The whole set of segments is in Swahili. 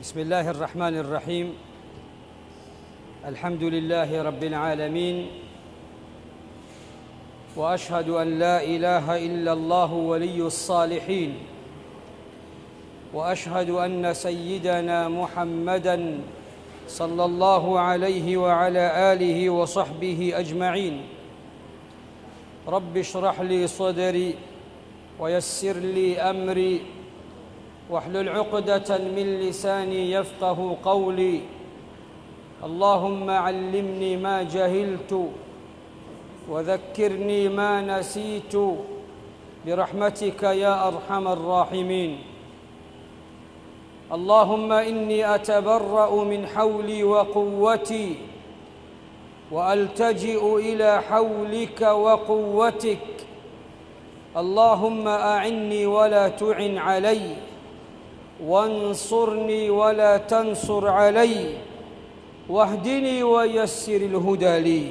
بسم الله الرحمن الرحيم الحمد لله رب العالمين واشهد ان لا اله الا الله ولي الصالحين واشهد ان سيدنا محمدا صلى الله عليه وعلى اله وصحبه اجمعين رب اشرح لي صدري ويسر لي امري واحلل عقدة من لساني يفقه قولي اللهم علمني ما جهلت وذكرني ما نسيت برحمتك يا أرحم الراحمين اللهم إني أتبرأ من حولي وقوتي وألتجئ إلى حولك وقوتك اللهم أعني ولا تعن عليّ وانصرني ولا تنصر علي واهدني ويسر الهدى لي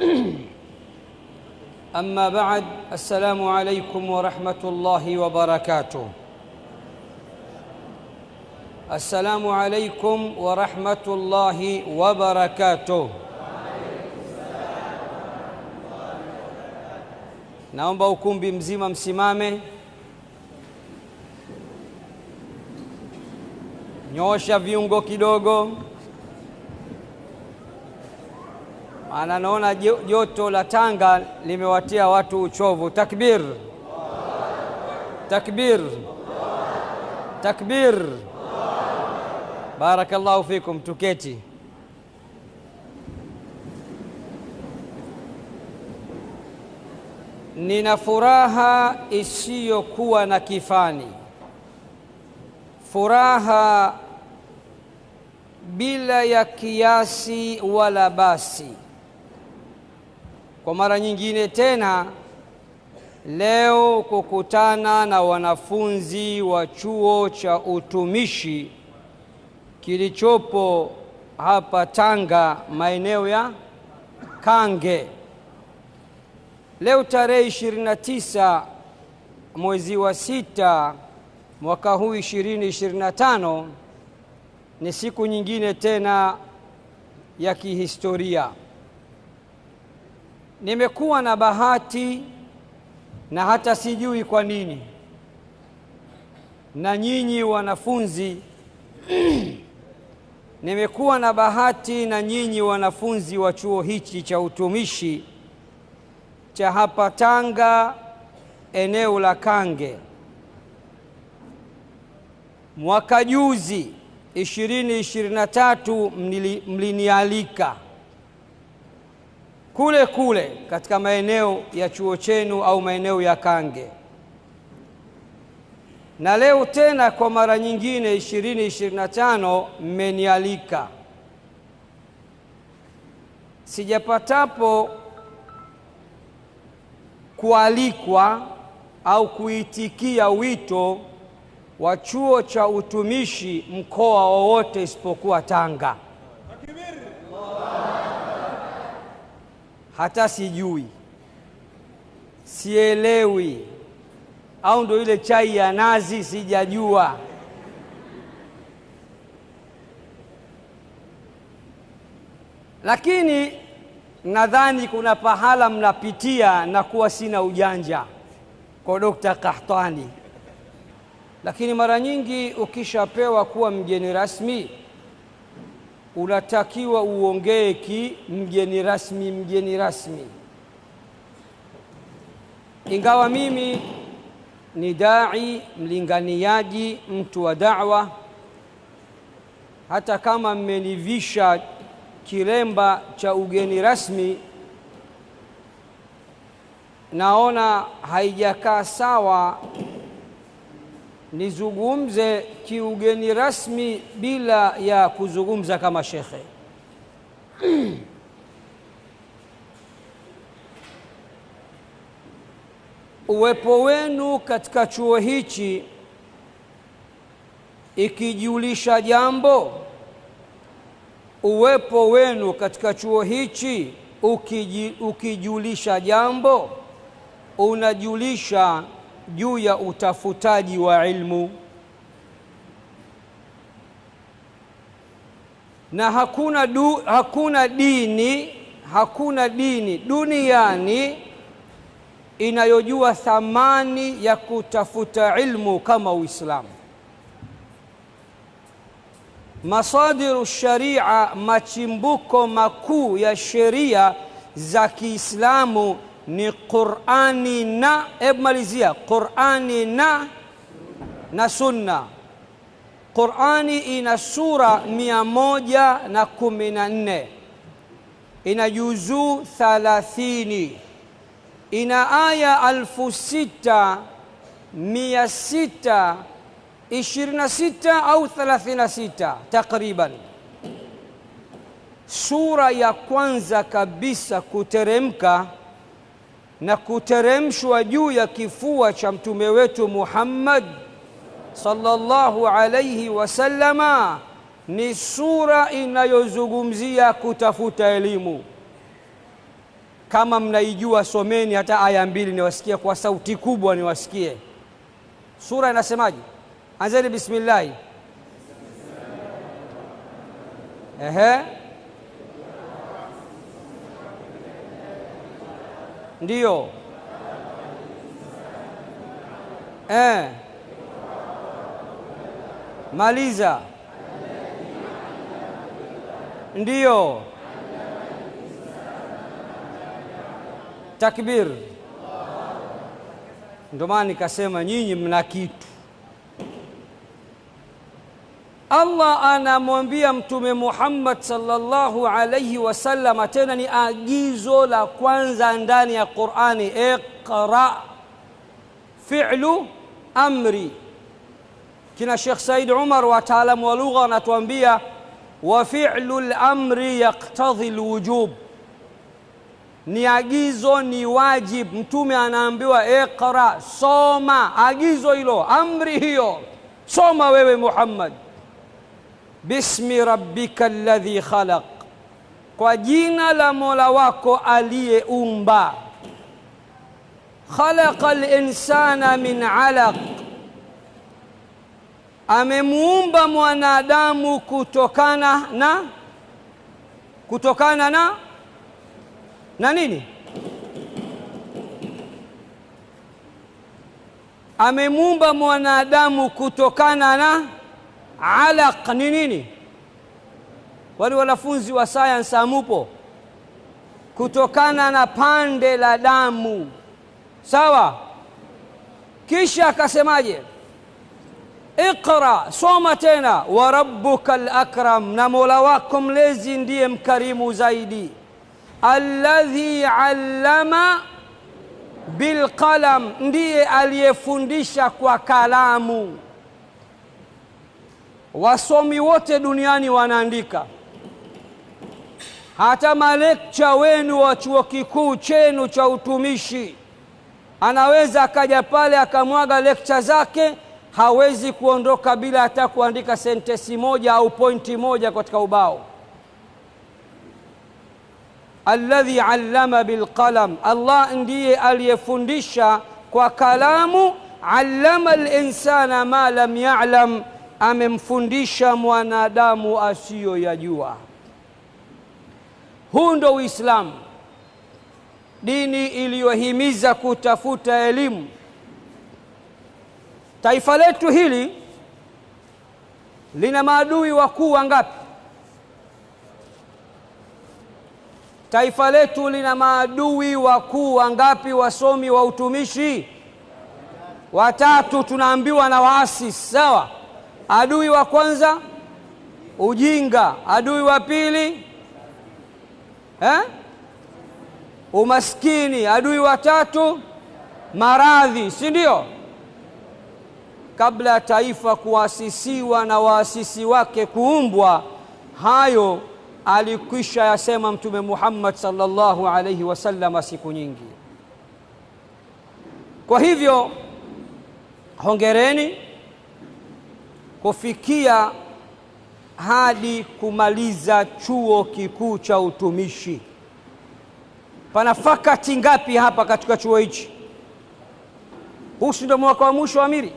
أما بعد السلام عليكم ورحمة الله وبركاته السلام عليكم ورحمة الله وبركاته نعم بوكم mzima سمامه nyosha viungo kidogo, maana naona joto la Tanga limewatia watu uchovu. Takbir, takbir, takbir! Barakallahu fikum. Tuketi. Nina furaha isiyokuwa na kifani furaha bila ya kiasi wala basi. Kwa mara nyingine tena leo kukutana na wanafunzi wa chuo cha utumishi kilichopo hapa Tanga, maeneo ya Kange. Leo tarehe 29 mwezi wa sita mwaka huu 2025 ni siku nyingine tena ya kihistoria. Nimekuwa na bahati na hata sijui kwa nini, na nyinyi wanafunzi nimekuwa na bahati na nyinyi wanafunzi wa chuo hichi cha utumishi cha hapa Tanga eneo la Kange mwaka juzi 2023 mlinialika kule kule katika maeneo ya chuo chenu au maeneo ya Kange, na leo tena kwa mara nyingine 2025 mmenialika. Sijapatapo kualikwa au kuitikia wito wa chuo cha utumishi mkoa wowote isipokuwa Tanga. Hata sijui sielewi, au ndo ile chai ya nazi, sijajua. Lakini nadhani kuna pahala mnapitia na kuwa sina ujanja kwa Dokta Kahtani lakini mara nyingi ukishapewa kuwa mgeni rasmi, unatakiwa uongee ki mgeni rasmi, mgeni rasmi. Ingawa mimi ni dai, mlinganiaji, mtu wa da'wa, hata kama mmenivisha kilemba cha ugeni rasmi, naona haijakaa sawa nizungumze kiugeni rasmi bila ya kuzungumza kama shekhe. Uwepo wenu katika chuo hichi ikijulisha jambo, uwepo wenu katika chuo hichi ukiji, ukijulisha jambo unajulisha juu ya utafutaji wa ilmu, na hakuna, du, hakuna dini hakuna dini duniani inayojua thamani ya kutafuta ilmu kama Uislamu. Masadiru sharia, machimbuko makuu ya sheria za Kiislamu ni Qur'ani na, hebu malizia Qur'ani na na sunna. Qur'ani ina sura mia moja na kumi na nne ina juzuu thalathini ina aya alfu sita mia sita ishirini na sita au 36 na sita takriban. Sura ya kwanza kabisa kuteremka na kuteremshwa juu ya kifua cha mtume wetu Muhammad sallallahu alayhi wasallama ni sura inayozungumzia kutafuta elimu. Kama mnaijua someni hata aya mbili niwasikie kwa sauti kubwa, niwasikie. Sura inasemaje? Anzeni bismillahi. Ehe. Ndiyo. Eh. Maliza. Ndiyo. Takbir. Ndio maana nikasema nyinyi mna kitu. Allah anamwambia Mtume Muhammad sallallahu alayhi wasallam, tena ni agizo la kwanza ndani ya Qur'ani, iqra. Fi'lu amri. Kina Sheikh Said Umar, wataalamu wa lugha, wanatuambia wa fi'lu al-amri yaqtadhi al-wujub, ni agizo, ni wajib. Mtume anaambiwa iqra, soma. Agizo hilo, amri hiyo, soma wewe Muhammad bismi rabbika alladhi khalaq, kwa jina la mola wako aliyeumba. Khalaqa linsana min alaq, amemuumba mwanadamu kutokana na kutokana na na nini? Amemuumba mwanadamu kutokana na Alaq ni nini? Wale wanafunzi wa sayansi amupo, kutokana na pande la damu. Sawa. Kisha akasemaje? Iqra, soma tena. Wa rabbuka lakram, na mola wako mlezi ndiye mkarimu zaidi. Alladhi allama bilqalam, ndiye aliyefundisha kwa kalamu. Wasomi wote duniani wanaandika, hata malekcha wenu wa chuo kikuu chenu cha utumishi anaweza akaja pale akamwaga lekcha zake, hawezi kuondoka bila hata kuandika sentesi moja au pointi moja katika ubao. Alladhi allama bilqalam, Allah ndiye aliyefundisha kwa kalamu. Allama linsana ma lam yalam amemfundisha mwanadamu asiyoyajua. Huu ndo Uislamu, dini iliyohimiza kutafuta elimu. Taifa letu hili lina maadui wakuu wangapi? Taifa letu lina maadui wakuu wangapi? Wasomi wa utumishi watatu, tunaambiwa na waasi, sawa Adui wa kwanza ujinga, adui wa pili eh, umaskini, adui wa tatu maradhi, si ndio? Kabla ya taifa kuasisiwa na waasisi wake kuumbwa, hayo alikwisha yasema Mtume Muhammad sallallahu alaihi wasallam siku nyingi. Kwa hivyo hongereni kufikia hadi kumaliza chuo kikuu cha utumishi. Pana fakati ngapi hapa katika chuo hichi? Huu ndio mwaka wa mwisho, amiri,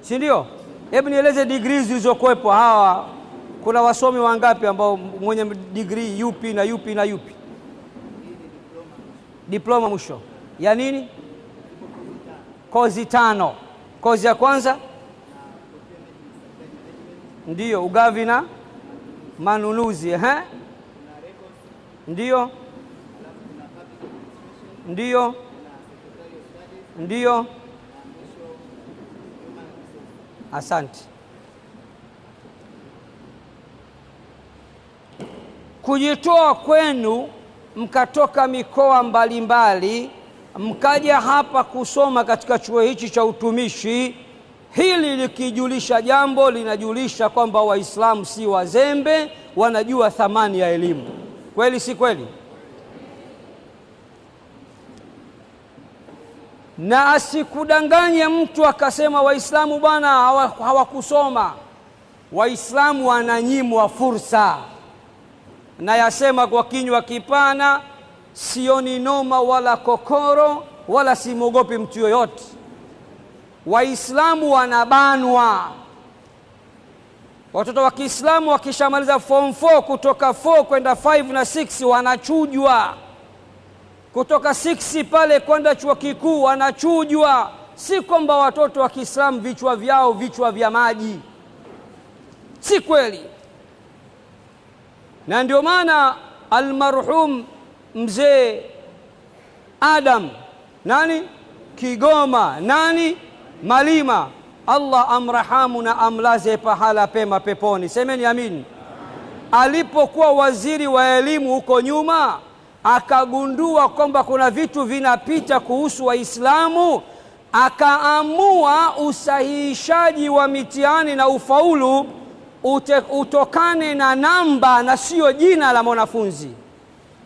si ndio? Hebu nieleze digrii zilizokuwepo hawa. Kuna wasomi wangapi ambao mwenye digrii yupi na yupi na yupi? Diploma mwisho ya nini? Kozi tano. Kozi ya kwanza ndiyo ugavi na manunuzi ehe, ndiyo ndiyo ndiyo. Asante. Kujitoa kwenu mkatoka mikoa mbalimbali mbali, mkaja hapa kusoma katika chuo hichi cha utumishi Hili likijulisha jambo, linajulisha kwamba Waislamu si wazembe, wanajua thamani ya elimu. Kweli si kweli? Na asikudanganye mtu akasema Waislamu bwana hawakusoma, hawa Waislamu wananyimwa fursa. Nayasema kwa kinywa kipana, sioni noma wala kokoro, wala simwogopi mtu yoyote. Waislamu wanabanwa. Watoto wa Kiislamu wakishamaliza form 4 kutoka 4 kwenda 5 na 6 wanachujwa, kutoka 6 pale kwenda chuo kikuu wanachujwa. Si kwamba watoto wa Kiislamu vichwa vyao vichwa vya maji, si kweli. Na ndio maana almarhum mzee Adam nani Kigoma nani Malima, Allah amrahamu na amlaze pahala pema peponi. Semeni amin. Alipokuwa waziri wa elimu huko nyuma, akagundua kwamba kuna vitu vinapita kuhusu Waislamu, akaamua usahihishaji wa mitihani na ufaulu ute, utokane na namba na siyo jina la mwanafunzi.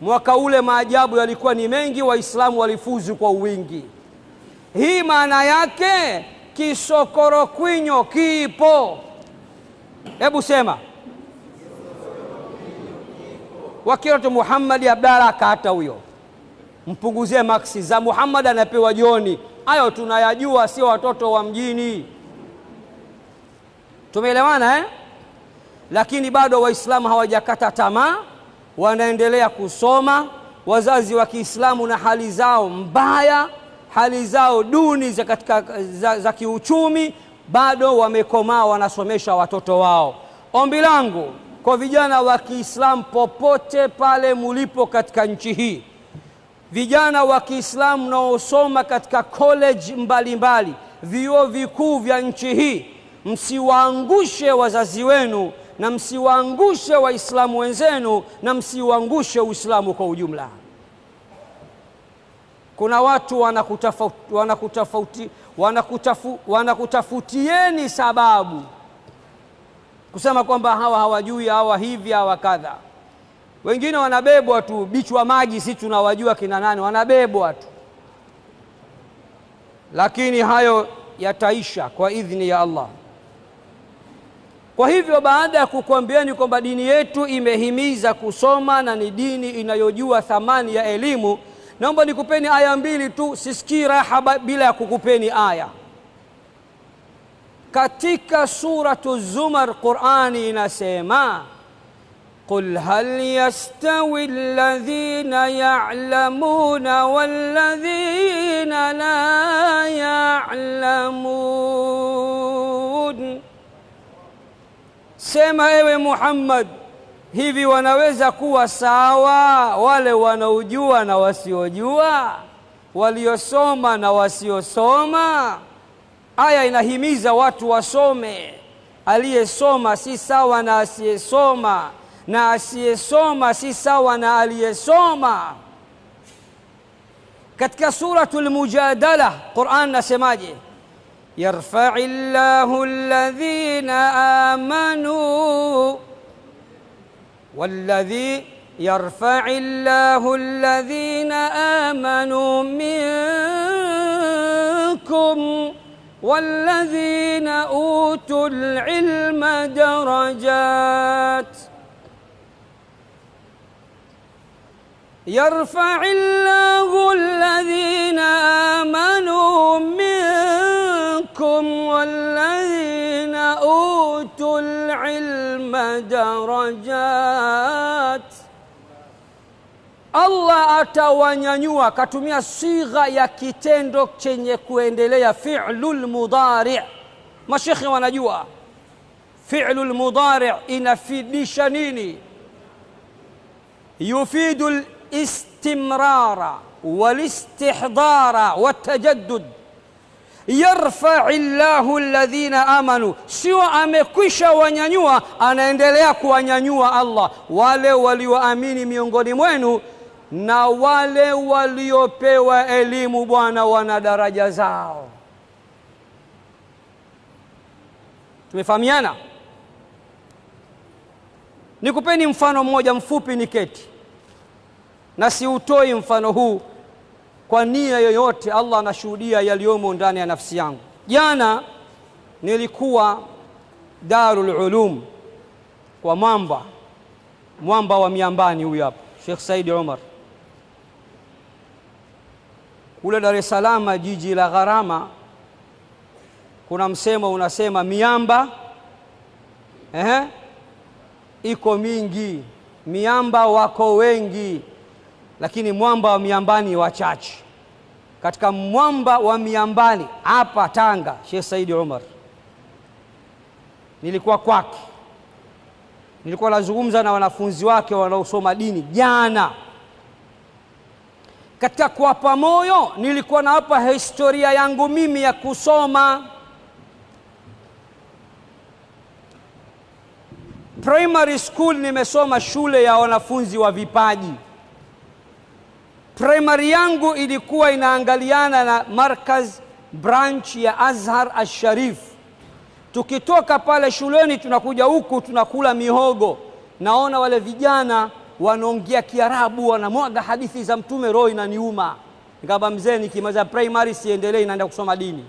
Mwaka ule maajabu yalikuwa ni mengi, Waislamu walifuzu kwa wingi. Hii maana yake kisokoro kwinyo kipo. Hebu sema wakiratu Muhammadi Abdala akaata huyo, mpunguzie maksi za Muhammad anapewa jioni Hayo tunayajua, sio watoto wa mjini. Tumeelewana eh? Lakini bado Waislamu hawajakata tamaa, wanaendelea kusoma. Wazazi wa Kiislamu na hali zao mbaya hali zao duni za, katika, za, za kiuchumi bado wamekomaa wanasomesha watoto wao. Ombi langu kwa vijana wa Kiislamu popote pale mulipo katika nchi hii, vijana wa Kiislamu mnaosoma katika college mbalimbali, vyuo vikuu vya nchi hii, msiwaangushe wazazi wenu na msiwaangushe Waislamu wenzenu na msiwaangushe Uislamu kwa ujumla kuna watu wanakutafutieni wanakutafauti, wanakutafu, wanakutafutieni sababu kusema kwamba hawa hawajui, hawa hivi, hawa kadha. Wengine wanabebwa tu bichwa maji, si tunawajua kina nani, wanabebwa tu, lakini hayo yataisha kwa idhini ya Allah. Kwa hivyo baada ya kukuambieni kwamba dini yetu imehimiza kusoma na ni dini inayojua thamani ya elimu Naomba nikupeni aya mbili tu, sisikii raha bila ya kukupeni aya. Katika suratu Zumar, Qurani inasema Qul hal yastawi alladhina ya'lamuna walladhina la ya'lamun, sema ewe Muhammad hivi wanaweza kuwa sawa wale wanaojua na wasiojua, waliosoma na wasiosoma? Aya inahimiza watu wasome. Aliyesoma si sawa na asiyesoma, na asiyesoma si sawa na aliyesoma. Katika Suratul Mujadala, Quran nasemaje? yarfai llahu alladhina amanu والذي يرفع الله الذين آمنوا منكم والذين أوتوا العلم درجات يرفع الله الذين آمنوا منكم والذين أوتوا العلم درجات Allah atawanyanyua, katumia sigha ya kitendo chenye kuendelea, fi'lul mudari. Mashekhe wanajua fi'lul mudari inafidisha nini? yufidu listimrara walistihdara watajaddud yarfai llahu alladhina amanu, sio amekwisha wanyanyua, anaendelea kuwanyanyua Allah wale walioamini miongoni mwenu na wale waliopewa elimu. Bwana, wana daraja zao. Tumefahamiana? Nikupeni mfano mmoja mfupi, niketi na siutoi mfano huu kwa nia yoyote, Allah anashuhudia yaliyomo ndani ya nafsi yangu. Jana nilikuwa Darul Ulum kwa mwamba mwamba wa miambani, huyu hapa Sheikh Said Omar kule Dar es Salaam, jiji la gharama. Kuna msemo unasema miamba ehe, iko mingi, miamba wako wengi lakini mwamba wa miambani wachache. Katika mwamba wa miambani hapa Tanga, Sheikh Saidi Umar, nilikuwa kwake, nilikuwa nazungumza na wanafunzi wake wanaosoma dini jana. Katika kuwapa moyo, nilikuwa nawapa historia yangu mimi ya kusoma primary school. Nimesoma shule ya wanafunzi wa vipaji Primary yangu ilikuwa inaangaliana na Markaz branch ya Azhar Asharif. Tukitoka pale shuleni tunakuja huku tunakula mihogo, naona wale vijana wanaongea Kiarabu, wanamwaga hadithi za Mtume, roho inaniuma. Nikaba mzee, nikimaliza primary siendelee, naenda kusoma dini.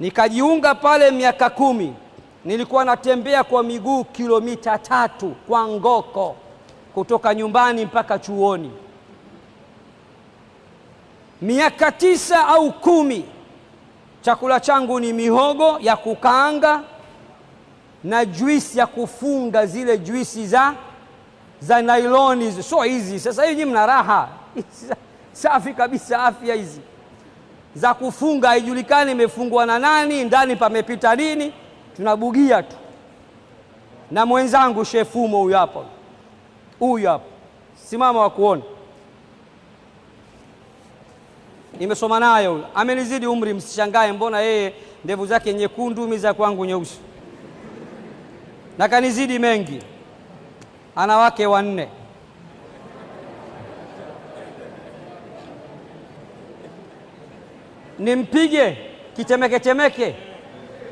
Nikajiunga pale miaka kumi, nilikuwa natembea kwa miguu kilomita tatu kwa Ngoko kutoka nyumbani mpaka chuoni, miaka tisa au kumi, chakula changu ni mihogo ya kukaanga na juisi ya kufunga, zile juisi za za nailoni so hizi sasa hivi mna raha safi kabisa, afya hizi za kufunga, haijulikani imefungwa na nani, ndani pamepita nini, tunabugia tu. Na mwenzangu shefumo huyo hapo Huyu hapa, simama wa kuona, nimesoma naye huyu, amenizidi umri, msishangae. Mbona yeye ndevu zake nyekundu, miza za kwangu nyeusi, na kanizidi mengi. Ana wake wanne. Nimpige kichemekechemeke?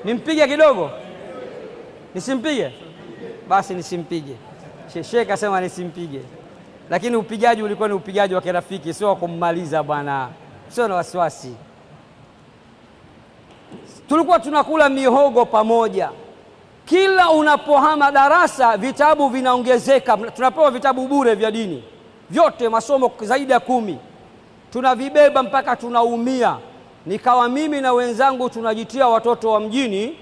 Nimpige kidogo? Nisimpige? Basi nisimpige. Shekhe kasema nisimpige, lakini upigaji ulikuwa ni upigaji wa kirafiki, sio wa kummaliza bwana, sio na wasiwasi. Tulikuwa tunakula mihogo pamoja. Kila unapohama darasa, vitabu vinaongezeka, tunapewa vitabu bure vya dini vyote, masomo zaidi ya kumi, tunavibeba mpaka tunaumia. Nikawa mimi na wenzangu tunajitia watoto wa mjini,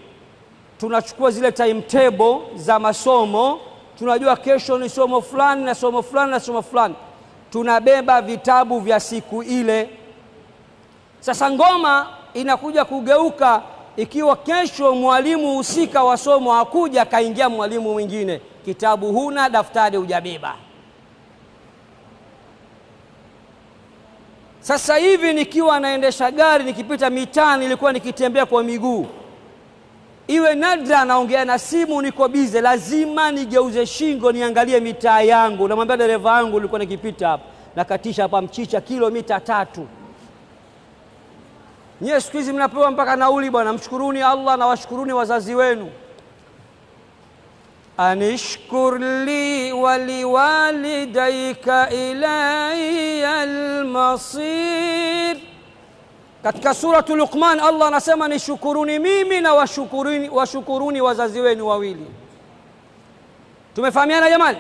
tunachukua zile timetable za masomo tunajua kesho ni somo fulani na somo fulani na somo fulani, tunabeba vitabu vya siku ile. Sasa ngoma inakuja kugeuka ikiwa kesho mwalimu husika wa somo hakuja, akaingia mwalimu mwingine, kitabu huna, daftari hujabeba. Sasa hivi nikiwa naendesha gari nikipita mitaa, nilikuwa nikitembea kwa miguu iwe nadra naongea na simu, niko bize, lazima nigeuze shingo niangalie mitaa yangu. Namwambia dereva wangu, nilikuwa nikipita hapa nakatisha hapa mchicha kilomita tatu. Nyie siku hizi mnapewa mpaka nauli bwana. Mshukuruni Allah na washukuruni wazazi wenu. Anishkur li waliwalidaika ilaiya almasir katika suratu Luqman Allah anasema nishukuruni mimi na washukuruni, washukuruni wazazi wenu wawili. Tumefahamiana jamani?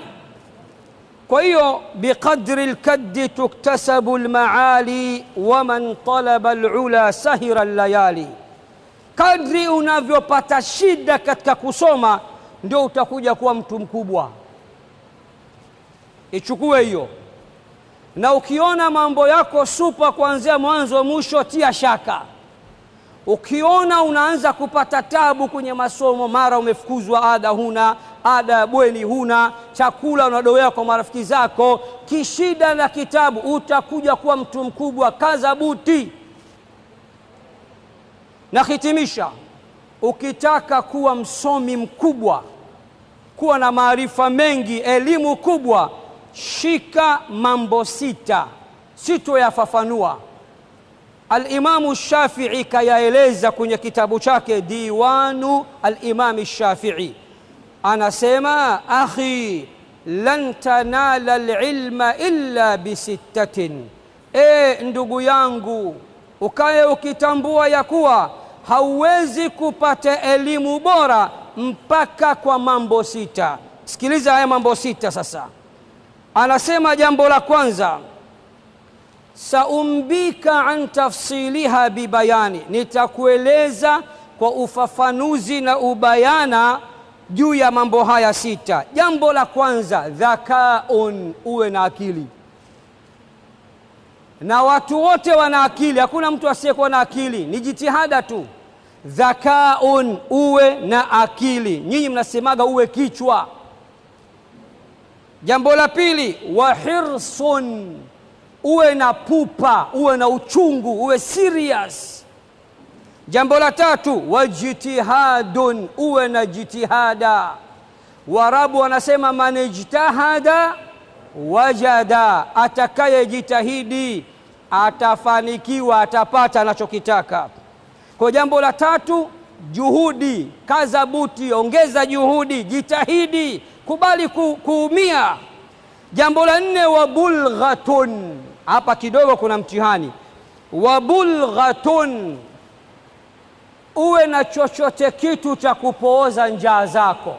Kwa hiyo biqadri lkaddi tuktasabu lmaali waman talaba lula sahira llayali kadri unavyopata shida katika kusoma ndio utakuja kuwa mtu mkubwa. Ichukue hiyo na ukiona mambo yako supa kuanzia mwanzo wa mwisho, tia shaka. Ukiona unaanza kupata tabu kwenye masomo, mara umefukuzwa, ada huna, ada ya bweni huna, chakula unadowea kwa marafiki zako, kishida na kitabu, utakuja kuwa mtu mkubwa. Kaza buti. Nahitimisha, ukitaka kuwa msomi mkubwa, kuwa na maarifa mengi, elimu kubwa shika mambo sita sitoyafafanua. Alimamu Shafii kayaeleza kwenye kitabu chake Diwanu Alimami Shafii, anasema akhi, lan tanala alilma illa bisittatin, e ndugu yangu, ukaye ukitambua ya kuwa hauwezi kupata elimu bora mpaka kwa mambo sita. Sikiliza haya mambo sita sasa. Anasema jambo la kwanza, saumbika an tafsiliha bibayani, nitakueleza kwa ufafanuzi na ubayana juu ya mambo haya sita. Jambo la kwanza, dhakaun, uwe na akili. Na watu wote wana akili, hakuna mtu asiyekuwa na akili, ni jitihada tu. Dhakaun, uwe na akili. Nyinyi mnasemaga uwe kichwa Jambo la pili, wahirsun, uwe na pupa, uwe na uchungu, uwe serious. Jambo la tatu, wajtihadun, uwe na jitihada. Warabu wanasema manijtahada wajada, atakayejitahidi atafanikiwa, atapata anachokitaka. Kwa jambo la tatu, juhudi, kaza buti, ongeza juhudi, jitahidi kubali ku, kuumia. Jambo la nne, wabulghatun. Hapa kidogo kuna mtihani. Wabulghatun, uwe na chochote kitu cha kupooza njaa zako.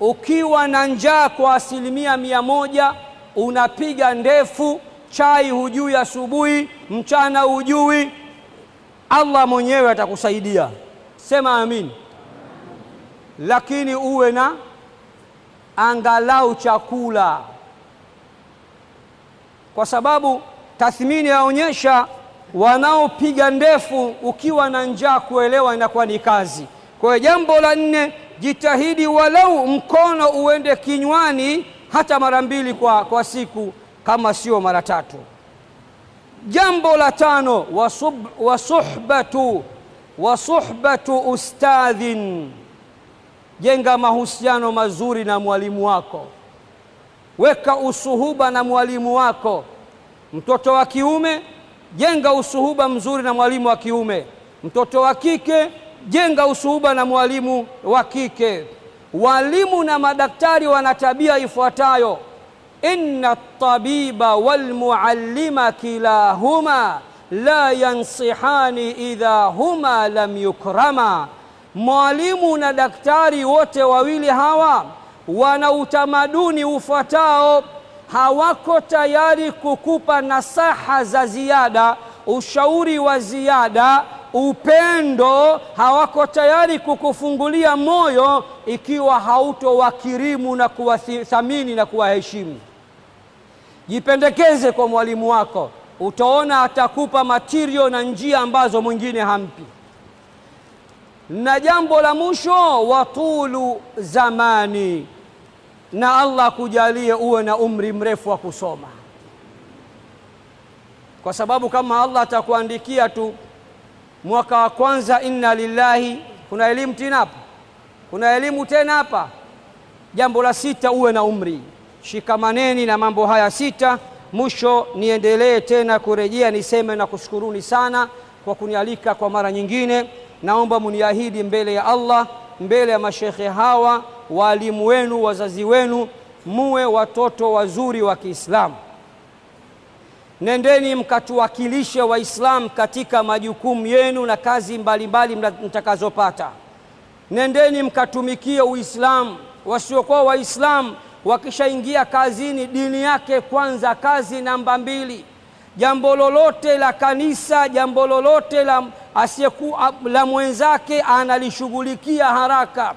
Ukiwa na njaa kwa asilimia mia moja, unapiga ndefu, chai hujui asubuhi, mchana hujui, Allah mwenyewe atakusaidia. Sema amin, lakini uwe na angalau chakula, kwa sababu tathmini yaonyesha wanaopiga ndefu ukiwa na njaa, kuelewa inakuwa ni kazi. Kwa hiyo jambo la nne, jitahidi walau mkono uende kinywani hata mara mbili kwa, kwa siku kama sio mara tatu. Jambo la tano, wasuhbatu wasuhbatu ustadhin jenga mahusiano mazuri na mwalimu wako, weka usuhuba na mwalimu wako. Mtoto wa kiume, jenga usuhuba mzuri na mwalimu wa kiume. Mtoto wa kike, jenga usuhuba na mwalimu wa kike. Walimu na madaktari wana tabia ifuatayo: inna tabiba walmuallima kilahuma la yansihani idha huma lam yukrama Mwalimu na daktari wote wawili hawa wana utamaduni ufuatao: hawako tayari kukupa nasaha za ziada, ushauri wa ziada, upendo. Hawako tayari kukufungulia moyo ikiwa hautowakirimu na kuwathamini na kuwaheshimu. Jipendekeze kwa mwalimu wako, utaona atakupa matirio na njia ambazo mwingine hampi na jambo la mwisho watulu zamani, na Allah kujalie uwe na umri mrefu wa kusoma, kwa sababu kama Allah atakuandikia tu mwaka wa kwanza inna lillahi, kuna elimu tena hapa, kuna elimu tena hapa. Jambo la sita, uwe na umri. Shikamaneni na mambo haya sita. Mwisho niendelee tena kurejea niseme na kushukuruni sana kwa kunialika kwa mara nyingine naomba muniahidi mbele ya Allah, mbele ya mashekhe hawa, waalimu wenu, wazazi wenu, muwe watoto wazuri wa Kiislamu. Nendeni mkatuwakilishe Waislamu katika majukumu yenu na kazi mbalimbali mtakazopata. Nendeni mkatumikie Uislamu. Wasiokuwa Waislamu wakishaingia kazini, dini yake kwanza, kazi namba mbili jambo lolote la kanisa, jambo lolote la, asieku, la mwenzake analishughulikia haraka.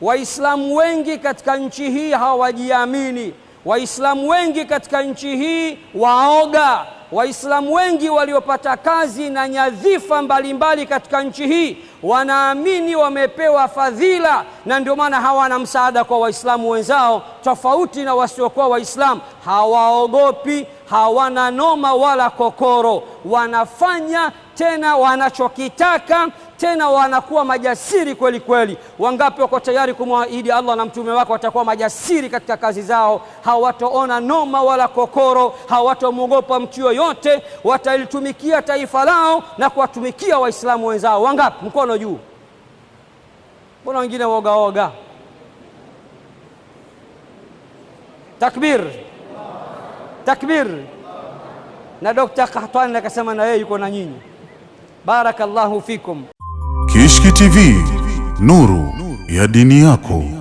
Waislamu wengi katika nchi hii hawajiamini. Waislamu wengi katika nchi hii waoga. Waislamu wengi waliopata kazi na nyadhifa mbalimbali katika nchi hii wanaamini wamepewa fadhila, na ndio maana hawana msaada kwa Waislamu wenzao, tofauti na wasiokuwa Waislamu. Hawaogopi, hawana noma wala kokoro, wanafanya tena wanachokitaka tena wanakuwa majasiri kweli kweli. Wangapi wako tayari kumwahidi Allah na mtume wake watakuwa majasiri katika kazi zao? Hawatoona noma wala kokoro, hawatomwogopa mtu yoyote, watalitumikia taifa lao na kuwatumikia Waislamu wenzao. Wangapi? Mkono juu. Mbona wengine wogawoga? Takbir! takbir. Na Dokta Kahtwani akasema na yeye yuko na nyinyi. Barakallahu fikum. Kishki TV, nuru ya dini yako.